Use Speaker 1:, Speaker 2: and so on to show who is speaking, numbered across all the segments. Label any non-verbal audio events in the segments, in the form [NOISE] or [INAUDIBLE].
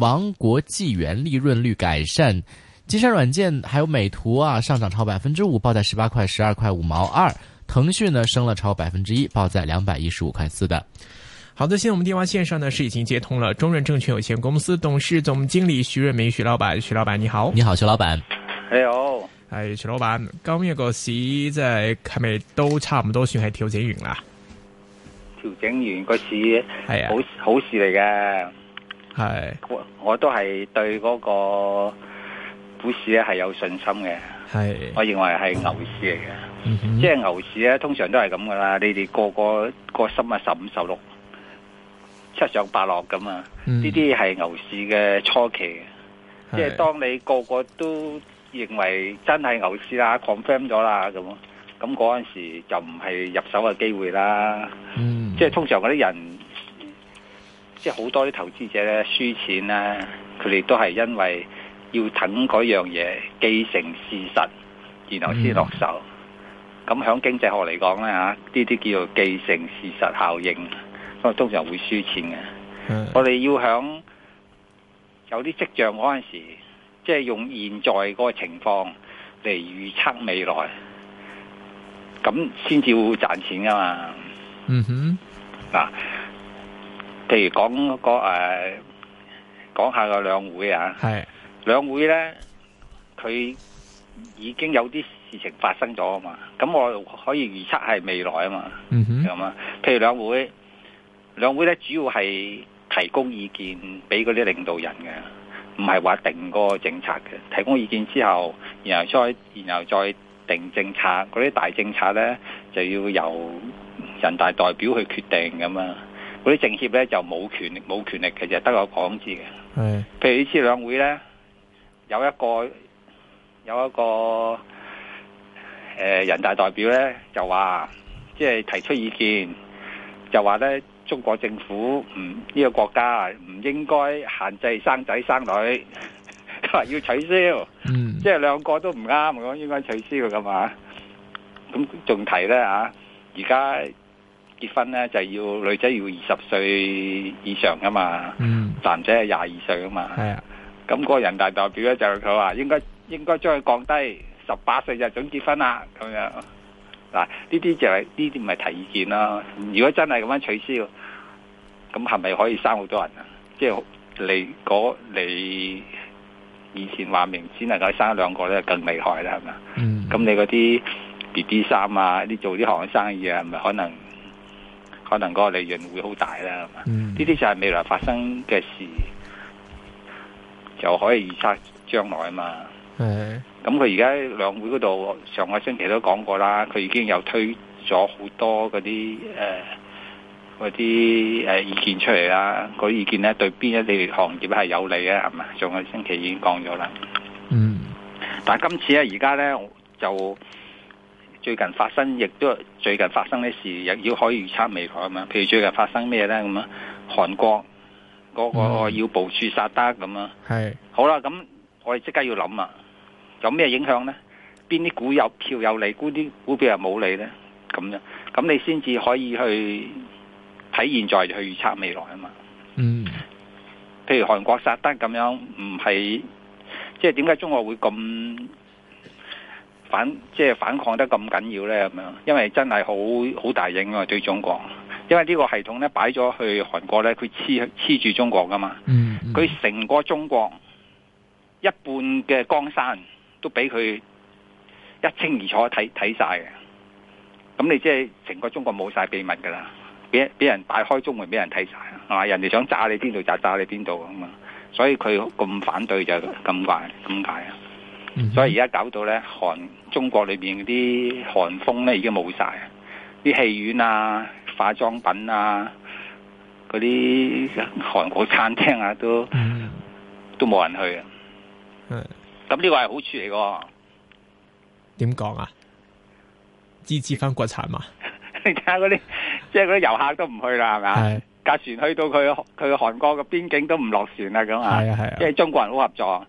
Speaker 1: 王國紀元利潤率改善，金山軟件還有美圖啊上漲超百分之五，報在十八塊十二塊五毛二。騰訊呢升了超百分之一，報在兩百一十五塊四的。好的，現在我們電
Speaker 2: 話線上呢是已經接通了中潤證券有限公司董事總經理徐潤民徐老闆，徐老闆你好，你好,徐老闆你好、哎、徐老闆，你好，係徐老闆，今日個市即係係咪都差唔多算係調整完啦
Speaker 3: 調整完個市係啊，好好事嚟嘅。哎係是，我我都係對嗰個股市咧係有信心嘅。係是，我認為係牛市嚟嘅，嗯、哼即係牛市咧通常都係咁噶啦。你哋個，個個個心啊，十五十六，七上八落咁啊。呢啲係牛市嘅初期，是即係當你個個都認為真係牛市啦，confirm 咗啦咁，咁陣時就唔係入手嘅機會啦。嗯、即係通常啲人。即好多啲投資者咧輸錢咧、啊，佢哋都係因為要等嗰樣嘢既成事實，然後先落手。咁響、mm hmm. 經濟學嚟講咧吓，呢啲叫做既成事實效應，咁通常會輸錢嘅。Mm hmm. 我哋要響有啲跡象嗰陣時，即係用現在個情況嚟預測未來，咁先至會賺錢噶嘛。嗯哼、
Speaker 1: mm，
Speaker 3: 嗱、hmm.。譬如講、那個誒，講、啊、下個兩會啊，係兩是會咧，佢已經有啲事情發生咗啊嘛，咁我可以預測係未來啊嘛，係嘛、嗯哼。譬如兩會，兩會咧主要係提供意見俾嗰啲領導人嘅，唔係話定個政策嘅。提供意見之後，然後再然後再定政策，嗰啲大政策咧就要由人大代表去決定咁啊。嗰啲政協咧就冇權冇權力，其實得個講字嘅。係是，譬如次兩呢次兩會咧，有一個有一個誒、呃、人大代表咧就話，即、就、係、是、提出意見，就話咧中國政府唔呢、嗯這個國家唔應該限制生仔生女，佢話 [LAUGHS] 要取消。嗯、即係兩個都唔啱，我應該取消㗎噶嘛。咁仲提咧而家。啊結婚咧就要女仔要二十歲以上㗎嘛，
Speaker 2: 嗯、
Speaker 3: 男仔係廿二歲啊嘛。係啊，咁個人大代表咧就佢話應該應該將佢降低十八歲就准結婚啦咁樣。嗱、就是，呢啲就係呢啲唔係提意見咯。如果真係咁樣取消，咁係咪可以生好多人啊？即、就、係、是、你嗰你以前話明只能夠生一兩個咧，更厲害啦係咪？咁、嗯、你嗰啲 B B 衫啊，啲做啲行生意啊，係咪可能？可能嗰個利潤會好大啦，呢啲、嗯、就係未來發生嘅事，就可以預測將來啊嘛。咁佢而家兩會嗰度上個星期都講過啦，佢已經有推咗好多嗰啲誒啲誒意見出嚟啦。嗰啲意見咧對邊一啲行業係有利呀係嘛？上個星期已經講咗啦。嗯，但係今次咧而家咧就。最近發生亦都最近發生嘅事，亦要可以預測未來咁樣。譬如最近發生咩咧咁啊？韓國嗰個要部署薩德。咁啊。
Speaker 2: 係。
Speaker 3: 好啦，咁我哋即刻要諗啊。有咩影響咧？邊啲股有票有你股啲股票又冇你咧？咁樣咁你先至可以去睇現在去預測未來啊嘛。嗯。譬如韓國薩德，咁樣，唔係即係點解中國會咁？反即係反抗得咁緊要呢？咁樣，因為真係好好大影響對中國，因為呢個系統呢，擺咗去韓國呢，佢黐黐住中國噶嘛，佢成、嗯嗯、個中國一半嘅江山都俾佢一清二楚睇睇曬嘅，咁你即係成個中國冇曬秘密噶啦，俾俾人大開中門俾人睇曬，啊，人哋想炸你邊度就炸你邊度咁嘛，所以佢咁反對就咁、是、快。咁解啊。所以而家搞到咧，韓中國裏邊啲韓風咧已經冇晒，啲戲院啊、化妝品啊、嗰啲韓國餐廳啊都、嗯、哼都冇人去啊。咁呢個係好處嚟嘅，
Speaker 2: 點講啊？支持翻國產嘛？
Speaker 3: 你睇下嗰啲即係嗰啲遊客都唔去啦，係咪啊？架的船去到佢佢韓國嘅邊境都唔落船啦，咁啊？係啊係啊，即係中國人好合作。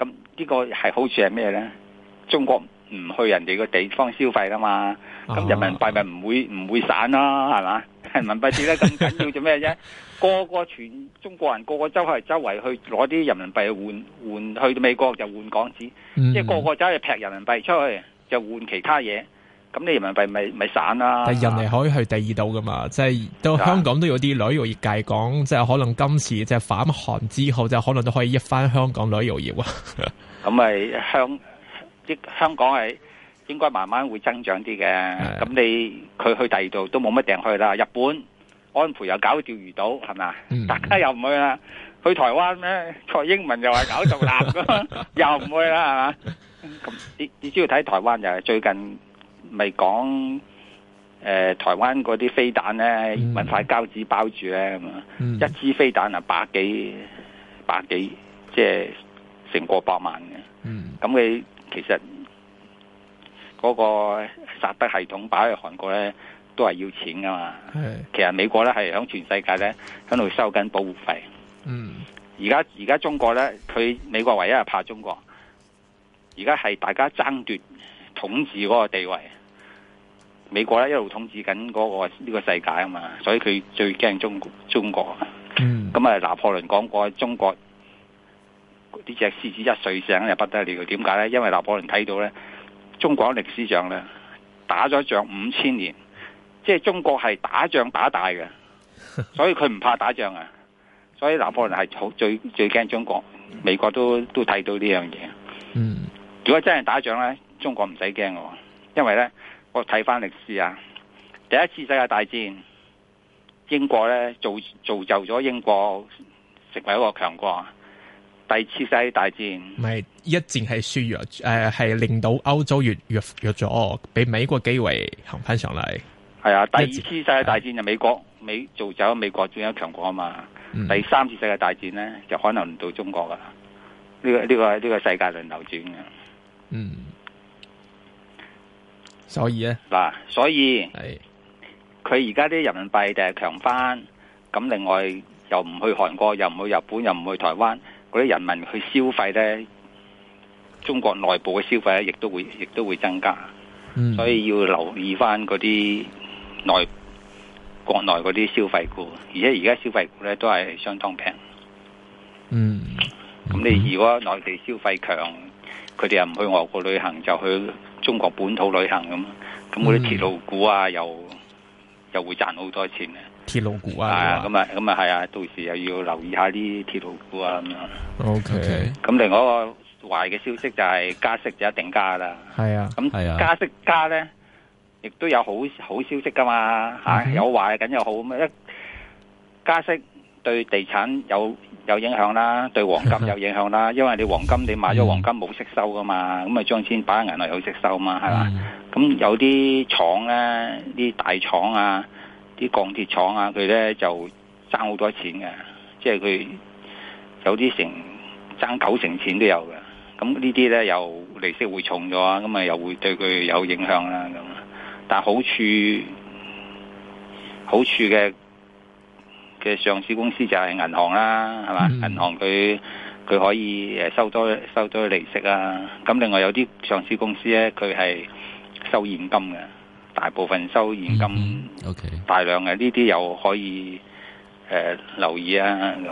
Speaker 3: 咁呢個係好處係咩呢？中國唔去人哋個地方消費噶嘛，
Speaker 1: 咁人民
Speaker 3: 幣咪唔會唔會散啦，啊，係嘛？ [LAUGHS] 人民幣跌得咁緊要做咩啫？個個全中國人個個周圍周圍去攞啲人民幣換換去到美國就換港紙，嗯嗯，即係個個走去劈人民幣出去就換其他嘢。咁你人民幣咪咪散啦、啊？但人哋可以
Speaker 2: 去第二度噶嘛？即係都香港都有啲旅遊業界講，啊、即係可能今次即係返韓之後，就可能都可以一翻香港旅遊業啊！
Speaker 3: 咁咪香香港係應該慢慢會增長啲嘅。咁、啊、你佢去，去第二度都冇乜訂去啦。日本安倍又搞釣魚島係咪？嗯、大家又唔去啦。去台灣咧，蔡英文又話搞獨立，㗎。 [LAUGHS] [LAUGHS] 又唔去啦，係嘛？你你只要睇台灣又係最近。咪講誒台灣嗰啲飛彈咧，揾塊膠紙包住咧，嗯、一支飛彈啊百幾百幾，即係成個百萬嘅。咁佢、嗯、其實嗰個薩德系統擺去韓國咧，都係要錢噶嘛。是其實美國咧係響全世界咧喺度收緊保護費。而家而家中國咧，佢美國唯一係怕中國。而家係大家爭奪統治嗰個地位。美國咧一路統治緊嗰個呢個世界啊嘛，所以佢最驚中中國啊。咁啊，嗯、就拿破崙講過中國呢隻獅子一睡醒又不得了，點解咧？因為拿破崙睇到咧中國歷史上咧，打咗仗五千年，即係中國係打仗打大嘅，所以佢唔怕打仗啊。所以拿破崙係好最最驚中國，美國都都睇到呢樣嘢。嗯，如果真係打仗咧，中國唔使驚嘅，因為咧。我睇翻歷史啊，第一次世界大戰，英國咧造造就咗英國成為一個強國。第二次世界大戰，
Speaker 2: 唔係一戰係輸弱誒，係、呃、令到歐洲越，越，越弱弱咗，俾美國機會行翻上嚟。
Speaker 3: 係啊，第二次世界大戰就美國美造就咗美國中央強國啊嘛。嗯、第三次世界大戰咧就可能輪到中國噶啦，呢、這個呢、這個呢、這個世界輪流轉嘅。嗯。所以咧嗱，所以佢而家啲人民幣定係強翻，咁另外又唔去韓國，又唔去日本，又唔去台灣，嗰啲人民去消費咧，中國內部嘅消費咧，亦都會亦都會增加，嗯、所以要留意翻嗰啲內國內嗰啲消費股，而且而家消費股咧都係相當平。嗯，咁你如果內地消費強，佢哋又唔去外國旅行就去。中國本土旅行咁，咁嗰啲鐵路股啊，又又會賺好多錢啊！
Speaker 2: 鐵路股啊，咁啊，咁
Speaker 3: 啊係啊，到時又要留意下啲鐵路股啊咁啊。OK，咁另外一個壞嘅消息就係加息就一定加啦。係啊，咁係啊，加息加咧，亦都有好好消息噶嘛吓，有壞緊又好咁嘛一加息。對地產有有影響啦，對黃金有影響啦，因為你黃金你買咗黃金冇息收噶嘛，咁咪、嗯、將錢擺喺銀行有息收嘛，係嘛？咁、嗯、有啲廠呢、啊，啲大廠啊，啲鋼鐵廠啊，佢呢就爭好多錢嘅，即係佢有啲成爭九成錢都有嘅。咁呢啲呢又利息會重咗，啊，咁咪又會對佢有影響啦。咁，但好處好處嘅，嘅上市公司就係銀行啦，係嘛？銀行佢佢可以誒收多收多利息啊。咁另外有啲上市公司咧，佢係收現金嘅，大部分收現金，大量嘅呢啲又可以誒留意啊。咁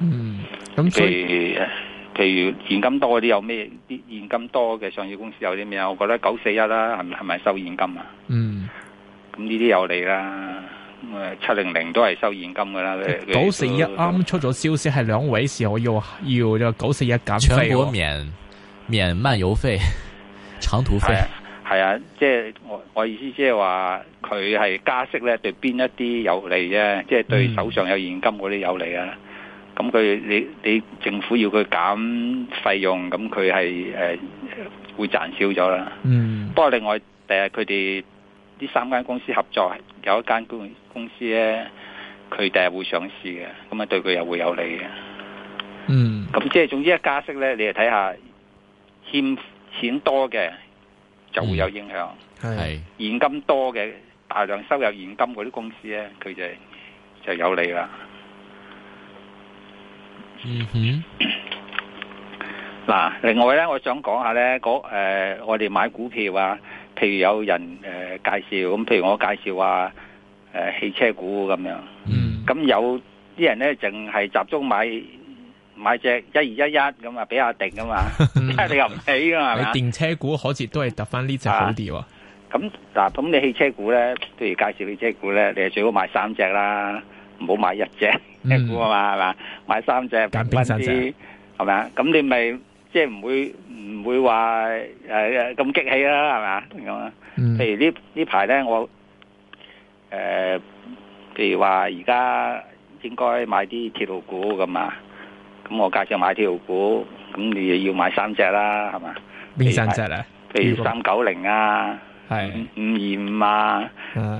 Speaker 3: 嗯，
Speaker 2: 咁譬
Speaker 3: 如譬如現金多嗰啲有咩？啲現金多嘅上市公司有啲咩？我覺得九四一啦，係係咪收現金啊？嗯，咁呢啲有利啦。誒，七零零都係收現金噶啦。九四一
Speaker 2: 啱出咗消息，係兩位時候要要九四一減全部免
Speaker 1: 免漫遊費、長途費。
Speaker 3: 係啊，即係我我意思是說，即係話佢係加息咧，對邊一啲有利啫？即、就、係、是、對手上有現金嗰啲有利啊。咁佢、嗯、你你政府要佢減費用，咁佢係誒會賺少咗啦。嗯，不過另外誒，佢哋呢三間公司合作有一間公。公司咧，佢第日會上市嘅，咁啊對佢又會有利嘅。嗯，咁即係總之，一加息咧，你就睇下欠錢多嘅就會有影響，係現金多嘅大量收入現金嗰啲公司咧，佢就就有利啦。嗯哼，嗱，另外咧，我想講下咧，嗰誒我哋買股票啊，譬如有人誒介紹，咁譬如我介紹啊。誒，汽車股咁樣，咁有啲人咧淨係集中買買隻一二一一咁啊，比較定噶嘛，你又唔起噶嘛？你電
Speaker 2: 車股好似都係揼翻呢隻好啲喎。
Speaker 3: 咁嗱，咁你汽車股咧，譬如介紹汽車股咧，你係最好買三隻啦，唔好買一隻車股啊嘛，係嘛，買三隻揾啲係咪啊？咁你咪即係唔會唔會話誒誒咁激氣啦，係嘛咁啊？譬如呢呢排咧我。誒，譬、呃、如話而家應該買啲鐵路股噶啊，咁我介紹買鐵路股，咁你又要買三隻啦，係嘛？邊三隻啊？
Speaker 2: 譬如三
Speaker 3: 九零啊，係五二五啊，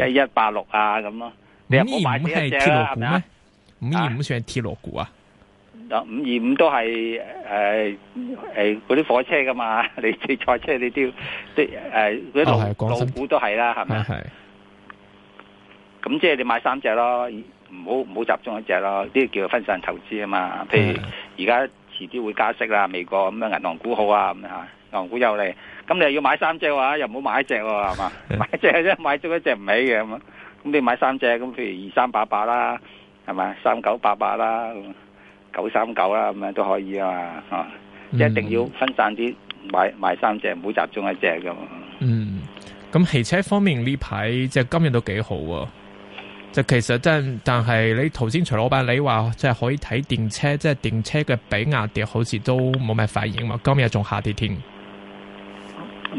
Speaker 3: 一一八六啊，咁咯、啊。你唔係五二五鐵路
Speaker 2: 股咩？五二五算係鐵路股啊？
Speaker 3: 嗱、啊，五二五都係誒誒嗰啲火車噶嘛， [LAUGHS] 你塞車你都要啲誒，啲路、路股都係啦，係嘛的？的咁即係你買三隻咯，唔好唔好集中一隻咯，呢啲、這個、叫分散投資啊嘛。譬如而家遲啲會加息啦，美國咁樣銀行股好啊咁吓，銀行股又利。咁你又要買三隻話、啊，又唔好買一隻係、啊 [LAUGHS] 啊、嘛？買一隻啫，買足一隻唔起嘅咁。咁你買三隻，咁譬如二三八八啦，係咪？三九八八啦，九三九啦，咁樣都可以啊嘛。即一定要分散啲，買買三隻，唔好集中一隻㗎嘛。嗯，
Speaker 2: 咁汽車方面呢排即係今日都幾好啊。就其實真，但係你頭先徐老闆你話即係可以睇電車，即、就、係、是、電車嘅比亞迪，好似都冇咩反應嘛。今日仲下跌添，
Speaker 3: 唔、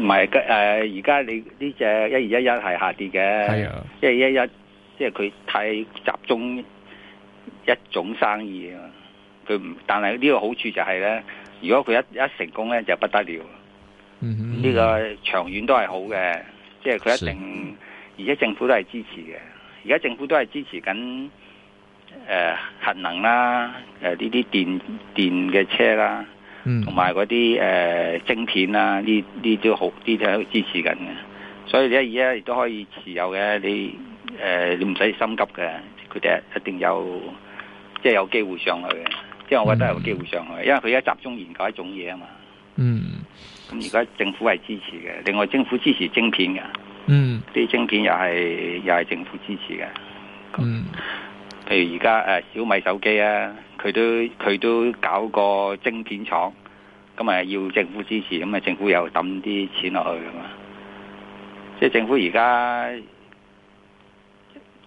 Speaker 3: 呃、係，誒而家你呢隻一二一一係下跌嘅，係是啊，即係一一，即係佢太集中一種生意啊。佢唔，但係呢個好處就係、是、咧，如果佢一一成功咧，就不得了。嗯哼，呢、嗯、個長遠都係好嘅，即係佢一定，是 而且政府都係支持嘅。而家政府都係支持緊，誒、呃、核能啦，誒呢啲電電嘅車啦，同埋嗰啲誒晶片啦，呢呢都好，呢啲都支持緊嘅。所以你而家亦都可以持有嘅，你誒、呃、你唔使心急嘅，佢哋一定有即係、就是、有機會上去嘅。即係我覺得有機會上去，因為佢而家集中研究一種嘢啊嘛。嗯，咁而家政府係支持嘅，另外政府支持晶片嘅。嗯，啲晶片又係又係政府支持嘅，咁、嗯、譬如而家誒小米手機啊，佢都佢都搞個晶片廠，咁啊要政府支持，咁啊政府又抌啲錢落去啊嘛，即係、就是、政府而家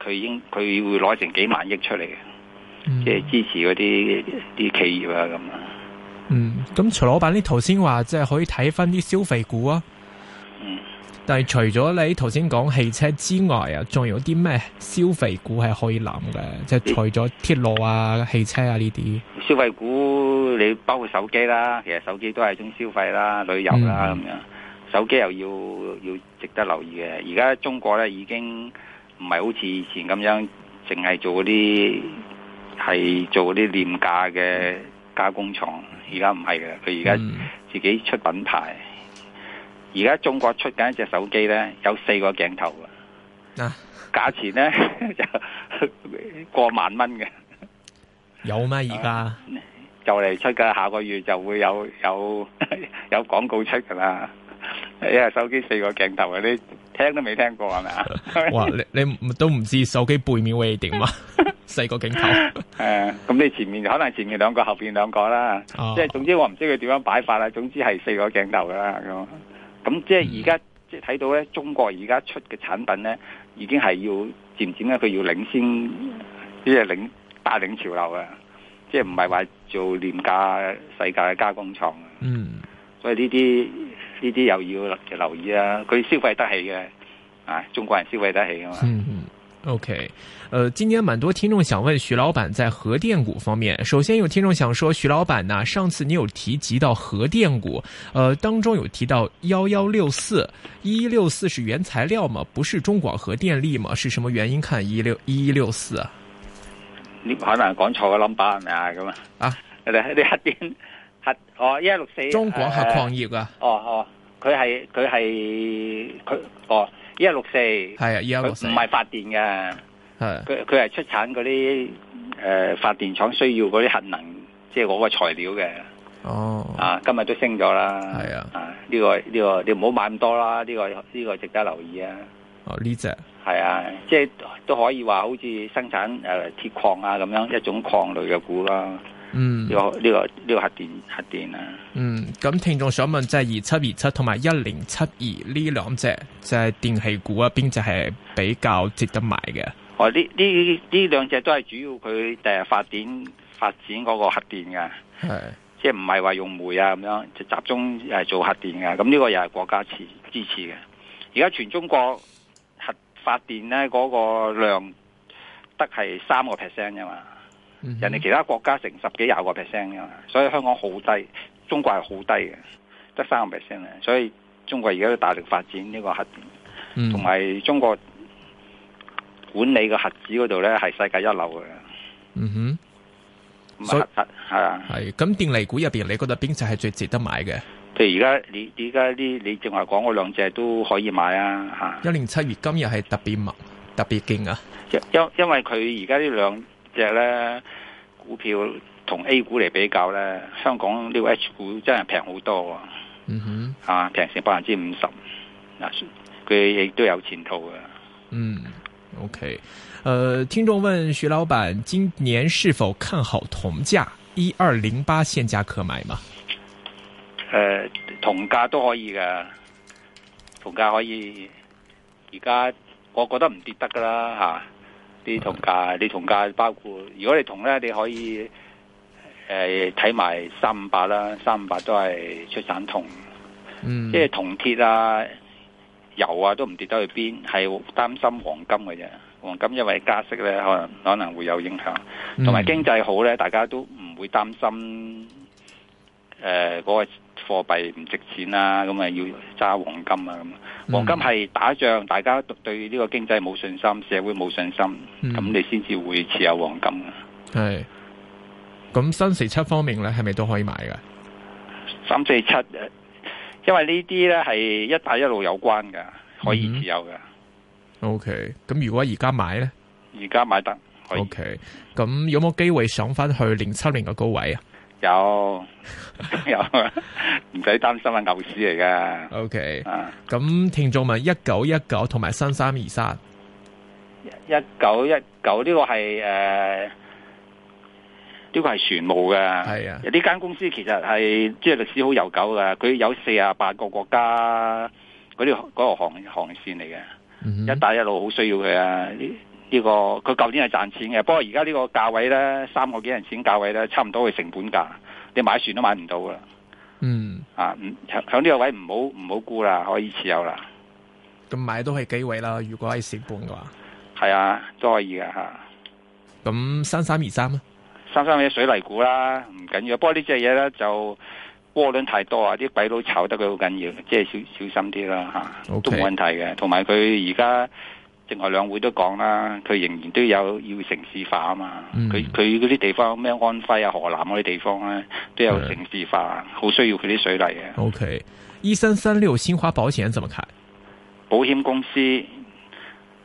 Speaker 3: 佢應佢會攞成幾萬億出嚟嘅，即係、嗯、支持嗰啲啲企業啊咁啊。嗯，
Speaker 2: 咁徐老闆呢頭先話即係可以睇返啲消費股啊。但係除咗你頭先講汽車之外啊，仲有啲咩消費股係可以諗嘅？即係除咗鐵路啊、汽車啊呢啲，這
Speaker 3: 些消費股你包括手機啦，其實手機都係一種消費啦、旅遊啦咁樣。嗯、手機又要要值得留意嘅。而家中國咧已經唔係好似以前咁樣淨係做嗰啲係做嗰啲廉價嘅加工廠，而家唔係嘅，佢而家自己出品牌。嗯而家中國出緊一隻手機咧，有四個鏡頭嘅，價錢咧就過萬蚊嘅。
Speaker 2: 有咩而家？
Speaker 3: 就嚟出噶，下個月就會有有有廣告出噶啦。哎呀，手機四個鏡頭啊，你聽都未聽過係咪啊？哇，你
Speaker 2: 你都唔知手機背面會點啊？四個鏡頭。誒，
Speaker 3: 咁你前面可能前面兩個，後邊兩個啦。即係總之我唔知佢點樣擺法啦。總之係四個鏡頭噶啦咁。咁、嗯、即係而家即係睇到咧，中國而家出嘅產品咧，已經係要漸漸咧，佢要領先呢個領帶領潮流啊。即係唔係話做廉價世界嘅加工廠。嗯，所以呢啲呢啲又要留意啊！佢消費得起嘅，啊，中國人消費得起啊嘛。嗯
Speaker 2: OK，呃，今天蠻多聽眾想問徐老闆在核電股方面。首先有聽眾想說，徐老闆呐、啊，上次你有提及到核電股，呃，當中有提到幺幺六四，一一六四是原材料嗎？不是中廣核電力嗎？是什麼原因看一六一一六四啊？
Speaker 3: 你可能講錯個 number 係咪啊，咁啊，哦4，呃、啊，你哋係啲核電核哦一一六四中廣核礦業㗎，哦它是它是它哦，佢係佢係佢哦。一六四係啊，一六四唔係發電嘅，佢佢係出產嗰啲誒發電廠需要嗰啲核能，即係嗰個嘅材料嘅。哦，啊今日都升咗啦，係啊，啊呢個呢個你唔好買咁多啦，呢個呢個值得留意啊。
Speaker 2: 哦，呢隻
Speaker 3: 係啊，即係都可以話好似生產誒鐵礦啊咁樣一種礦類嘅股啦。嗯，呢個呢個呢個核電核電啊！嗯，
Speaker 2: 咁聽眾想問就係二七二七同埋一零七二呢兩隻，就係電氣股一邊就係比較值得買嘅。
Speaker 3: 哦，呢呢呢兩隻都係主要佢誒發，發展發展嗰個核電嘅，係是即係唔係話用煤啊咁樣，就集中誒做核電嘅。咁呢個又係國家支支持嘅。而家全中國核發電咧嗰個量得係三個 percent 啫嘛。人哋其他國家成十幾廿個 percent 噶嘛，所以香港好低，中國係好低嘅，得三個 percent 啊！所以中國而家都大力發展呢個核電，同埋、嗯、中國管理嘅核子嗰度咧係世界一流嘅。嗯哼，唔
Speaker 2: 係核所以係啊，係咁電力股入邊，你覺得邊隻係最值得買嘅？
Speaker 3: 譬如而家你，而家呢，你正話講嗰兩隻都可以買啊！吓、啊，
Speaker 2: 一年七月今日係特別猛，特別勁啊！
Speaker 3: 因因為佢而家呢兩。其實咧，股票同 A 股嚟比較咧，香港呢個 H 股真係平好多啊！嗯哼，啊，平成百分之五十，嗱，佢亦都有前途噶。嗯
Speaker 2: ，OK，誒、呃，聽眾問徐老闆，今年是否看好同價一二零八現價可買嗎？
Speaker 3: 誒、呃，同價都可以噶，同價可以，而家我覺得唔跌得噶啦，吓、啊。啲銅價，啲銅價包括，如果你銅咧，你可以誒，睇埋三五八啦，三五八都係出產銅，嗯、即係銅鐵啊、油啊都唔跌得去邊，係擔心黃金嘅啫。黃金因為加息咧，可能可能會有影響，同埋、嗯、經濟好咧，大家都唔會擔心誒、嗰、呃、嗰個。貨幣唔值錢啦，咁啊要揸黃金啊，咁黃金係打仗，大家對呢個經濟冇信心，社會冇信心，咁、嗯、你先至會持有黃金啊。
Speaker 2: 係，咁三四七方面咧，係咪都可以買噶？
Speaker 3: 三四七，因為呢啲咧係一帶一路有關噶，可以持有噶。
Speaker 2: OK，咁如果而家買咧？
Speaker 3: 而家買得
Speaker 2: 可以。OK，咁有冇機會上翻去零七年嘅高位啊？
Speaker 3: 有有唔使擔心 okay, 啊，牛市嚟噶。
Speaker 2: O K，咁聽眾問一九一九同埋三三二三，
Speaker 3: 一九一九呢個係誒，呢個係船務嘅。係啊，呢間公司其實係即係歷史好悠久噶，佢有四十八個國家嗰啲、嗰個航航、嗰個、線嚟嘅，嗯、哼一帶一路好需要佢啊呢個佢舊年係賺錢嘅，不過而家呢個價位咧，三個幾銀錢價位咧，差唔多嘅成本價，你買船都買唔到噶。嗯，啊，響響呢個位唔好唔好沽啦，可以持有啦。
Speaker 2: 咁買都係機會啦，如果係蝕本嘅話。
Speaker 3: 係啊，都可以嘅吓。
Speaker 2: 咁三三二三啊？
Speaker 3: 三三二啲水泥股啦，唔緊要。不過這呢隻嘢咧就窩輪太多啊，啲鬼佬炒得佢好緊要，即係小小心啲啦吓 Okay.、啊。都冇問題嘅，同埋佢而家。正話兩會都講啦，佢仍然都有要城市化啊嘛，佢佢嗰啲地方咩安徽啊、河南嗰啲地方咧，都有城市化，好、嗯、需要佢啲水利嘅。
Speaker 2: OK，一三三六新華保險怎麼看？
Speaker 3: 保險公司，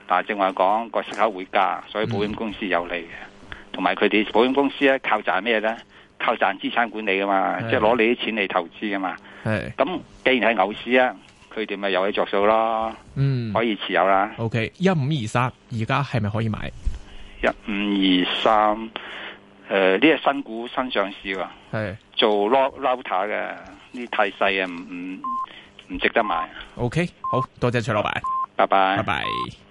Speaker 3: 嗱正話講個出口會加，所以保險公司有利嘅。同埋佢哋保險公司咧靠賺咩咧？靠賺資產管理噶嘛，即係攞你啲錢嚟投資噶嘛。係咁、哎，既然係牛市啊。佢哋咪由你着數咯，嗯，可以持有啦。
Speaker 2: O K，一五二三，而家係咪可以買？
Speaker 3: 一五二三，誒，呢個新股新上市喎，係做 lot 拉塔嘅，呢啲太細啊，唔唔唔值得買。O、
Speaker 2: okay, K，好，多謝徐老闆，拜
Speaker 3: 拜，拜拜。